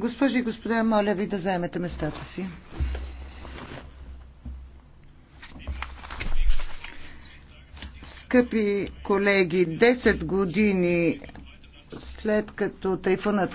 Госпожи и господа, моля ви да заемете местата си. Скъпи колеги, 10 години след като тайфунът